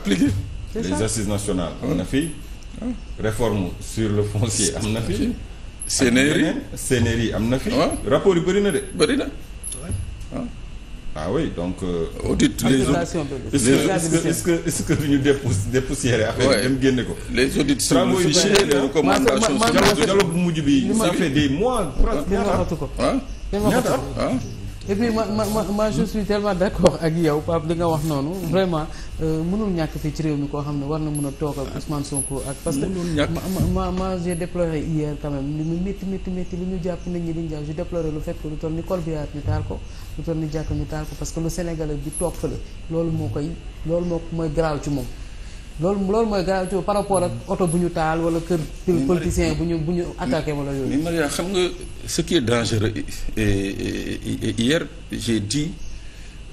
appliqué. les assises nationales am na fi réforme sur le foncier am na fii. sénéri sénéri am na fi ah. rapport yi bëri na de. bëri na ah. ah oui donc. Euh, audit les est-ce que est-ce que ñu dépoussiérer affaire dem génne ko. les audits sur le les recommandations. dialogue bu mujj bi ça fait des mois. ñaata et puis ma ma ma je suis tellement d' accord ak yow li nga wax noonu vraiment euh, mënul ñàkk fii ci réew mi koo xam ne war na mun a toog ak Ousmane Sonko ak. parce que ma ma ma j'ai déploré ñu jàpp nit ñi di ñu jàpp je lu fekk lu toll ni Colbiac ñu taal ko lu toll ni jàkk ñu taal ko parce que lu Sénégalais bi toog fële loolu moo koy loolu moo mooy garaaw ci moom. loolu loolu mooy gravité par rapport ak oto bu ñu taal wala kër politicien bu ñu bu ñu attaqué wala yooyu. mais Maria xam nga ce qui est dangereux hier j'ai dit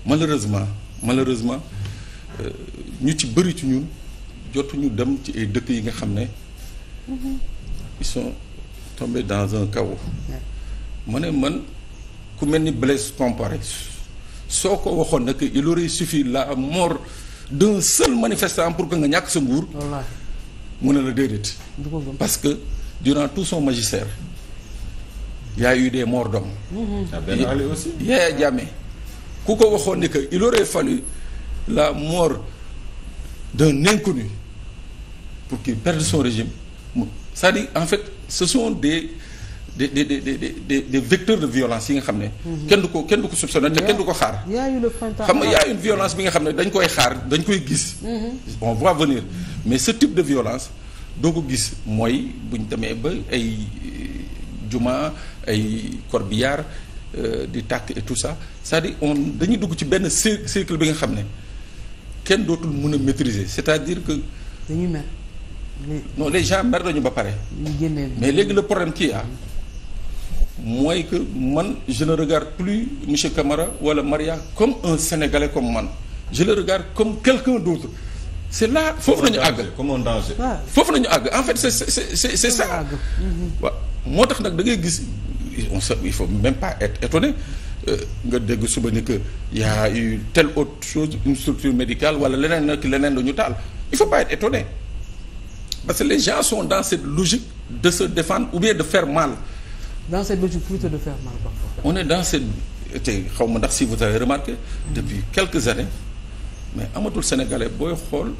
malheureusement malheureusement euh, ñu ci bëri ci ñun jotuñu dem ci ay dëkk yi nga xam ne mm-hmm. ils sont dans un kaw ma ne man ku mel ni Blaise Compaoré soo ko waxoon nag il aurait suffi la moor d'un seul manifestant pour que nga ñàkk sa nguur. mu ne la déedéet. parce que durant tout son magistère y a eu des morts d'hommes. Mm-hmm. Ah, Yaya Jammeh ku ko waxoon ni que il aurait fallu la mort d'un inconnu pour qu'il perde son régime cest à en fait ce sont des de des des des des vecteurs de violence yi nga xam ne. Mhm. kenn du ko kenn du ko soupçonné te kenn du ko xaar. xam nga y a une violence bi nga xam ne dañ koy xaar dañ koy gis. Mhm. on voit venir mais ce type de violence doo ko gis mooy bu ñu demee ba ay juma ay corbillard euh, di tàkk et tout sax sa à on dañuy dugg ci benn cercle bi nga xam ne kenn dootul mun a maîtriser c'est-à-dire que. dañuy mer non les gens mer nañu ba pare. mais léegi le problème kii ah. mooy que man je ne regarde plus monsieur Camara wala Maria comme un sénégalais comme man je le regarde comme quelqu'un d'autre c'est là foofu nañu àgg comme foofu nañu àgg en fait c'est c'est c'est c'est ça mmh. moo tax nag da ngay gis on se il faut même pas être étonné euh, nga dégg suba ni que y a eu telle autre chose une médicale wala leneen nag leneen la ñu taal il faut pas être étonné parce que les gens sont dans cette logique de se défendre ou de faire mal dans cette logique plutôt de faire mal parfois. on est dans ndax si vous avez depuis quelques années mais amatul sénégalais booy xool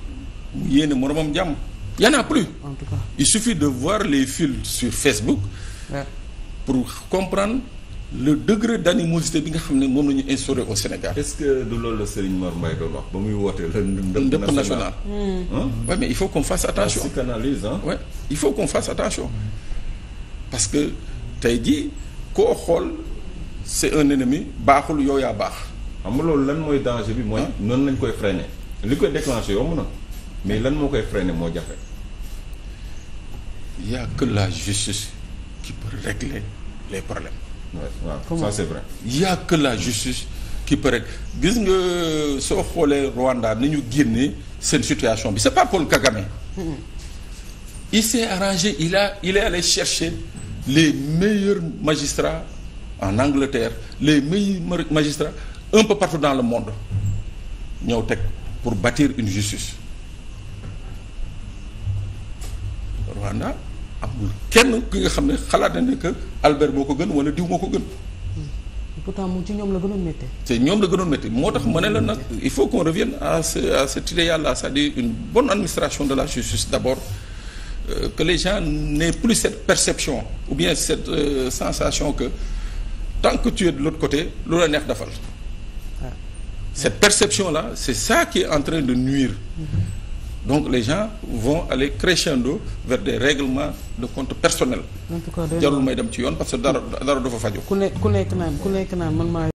mu yéene moromam jàmm. y en a plus. en tout cas il suffit de voir les fils sur Facebook. Ouais. pour comprendre le degré d'animosité bi nga xam ne moom la ñu instauré au Sénégal. est-ce que du loolu la Serigne Mor Mbaye doon wax ba muy wootee. le ndëpp national hmm. hmm. oui mais il faut qu'on fasse attention. il faut qu'on fasse attention parce que. tey jii koo xool c'est un ennemi baaxul yow yaa baax. xam nga loolu lan mooy danger bi mooy. Ah. noonu lañ koy freiner. li koy déclencher yomb a mais lan moo koy freiner moo jafe. il y a que la justice qui peut régler les problèmes. waaw ouais, ouais, ça c'est vrai. il la justice qui peut gis nga soo xoolee Rwanda ni ñu génnee seen situation bi c'est pas Paul Kagame. Hmm. il s'est arrangé il a chercher. les meilleurs magistrats en Angleterre les meilleurs magistrats un peu partout dans le monde ñëw teg pour bâtir une justice Rwanda amul kenn ki nga xam ne xalaat na ne que Albert moo ko gën wala diw moo ko gën. pourtant moom ci ñoom la gënoon métti. te ñoom la gënoon métti moo tax ma ne la nag il faut qu'on revienne à ce à cet idéal là c'est-à-dire une bonne administration de la justice d'abord. euh, que les gens n'aient plus cette perception ou bien cette euh, sensation que tant que tu es de l'autre côté lu la neex defal ah. cette perception là c'est ça qui est en train de nuire donc les gens vont aller crescendo vers des règlements de compte personnel jarul may dem ci yoon parce que dara dara du